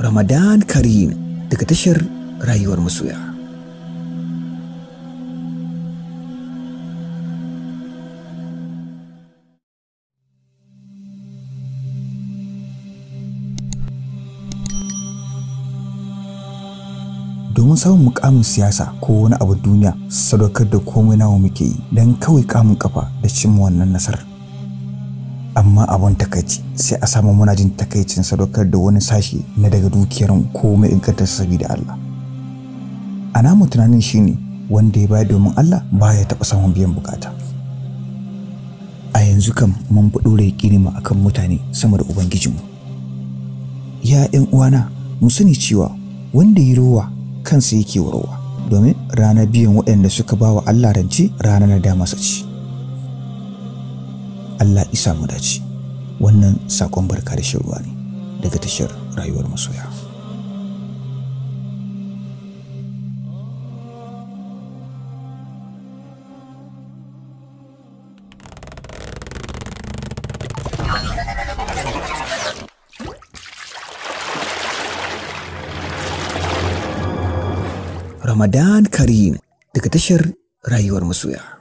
Ramadan Karim daga tashar rayuwar masoya. domin samun mukamin siyasa ko wani abin duniya sadaukar da komai nawa muke yi don kawai kamun kafa da cimma wannan nasarar amma abun takaici sai a samu muna jin takaicin sadaukar da wani sashi na daga dukiyar ko mai inganta Allah ana mu tunanin ne wanda ya bayar domin Allah baya taɓa samun biyan bukata a yanzu kam mun fi ɗora girma akan mutane sama da ubangijinmu ya 'yan uwana mu sani cewa wanda ya rowa kansa yake warowa domin ranar biyan waɗanda suka ba wa Allah rance ranar da masa ci Allah isa mu dace wannan sakon barka da shan ne daga tashar rayuwar masoya Ramadan Karim daga tashar rayuwar masoya.